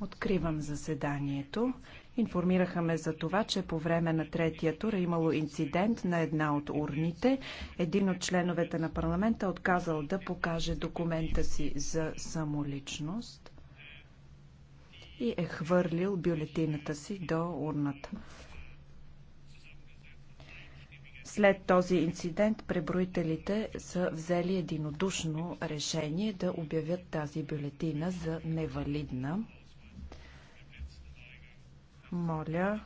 Откривам заседанието. Информираха ме за това, че по време на третия тур е имало инцидент на една от урните. Един от членовете на парламента е отказал да покаже документа си за самоличност и е хвърлил бюлетината си до урната. След този инцидент преброителите са взели единодушно решение да обявят тази бюлетина за невалидна. Моля,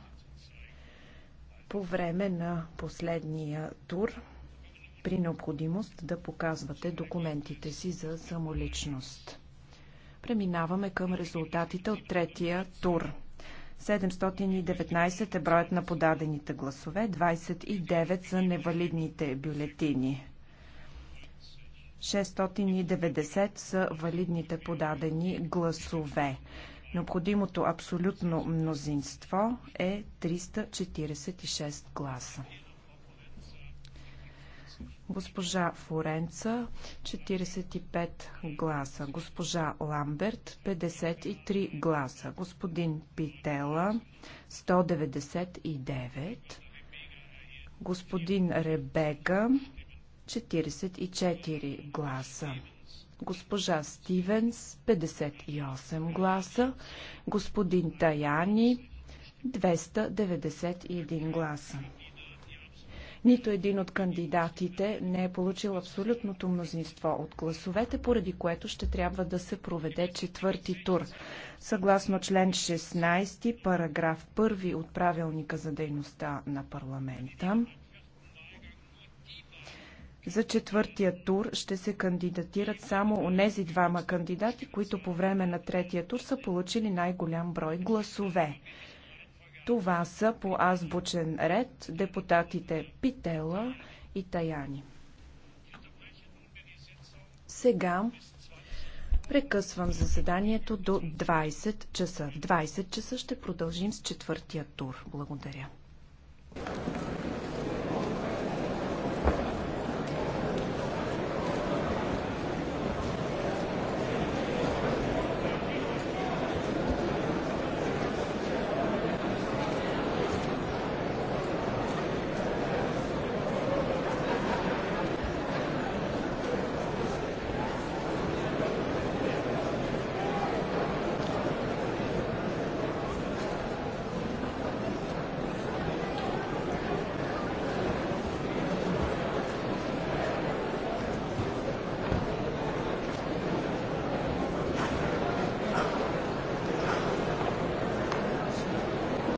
по време на последния тур, при необходимост да показвате документите си за самоличност. Преминаваме към резултатите от третия тур. 719 е броят на подадените гласове, 29 са невалидните бюлетини. 690 са валидните подадени гласове. Необходимото абсолютно мнозинство е 346 гласа. Госпожа Форенца 45 гласа. Госпожа Ламберт 53 гласа. Господин Питела 199. Господин Ребека 44 гласа госпожа Стивенс 58 гласа, господин Таяни 291 гласа. Нито един от кандидатите не е получил абсолютното мнозинство от гласовете, поради което ще трябва да се проведе четвърти тур. Съгласно член 16, параграф 1 от правилника за дейността на парламента, за четвъртия тур ще се кандидатират само онези двама кандидати, които по време на третия тур са получили най-голям брой гласове. Това са по азбучен ред депутатите Питела и Таяни. Сега прекъсвам заседанието до 20 часа. В 20 часа ще продължим с четвъртия тур. Благодаря.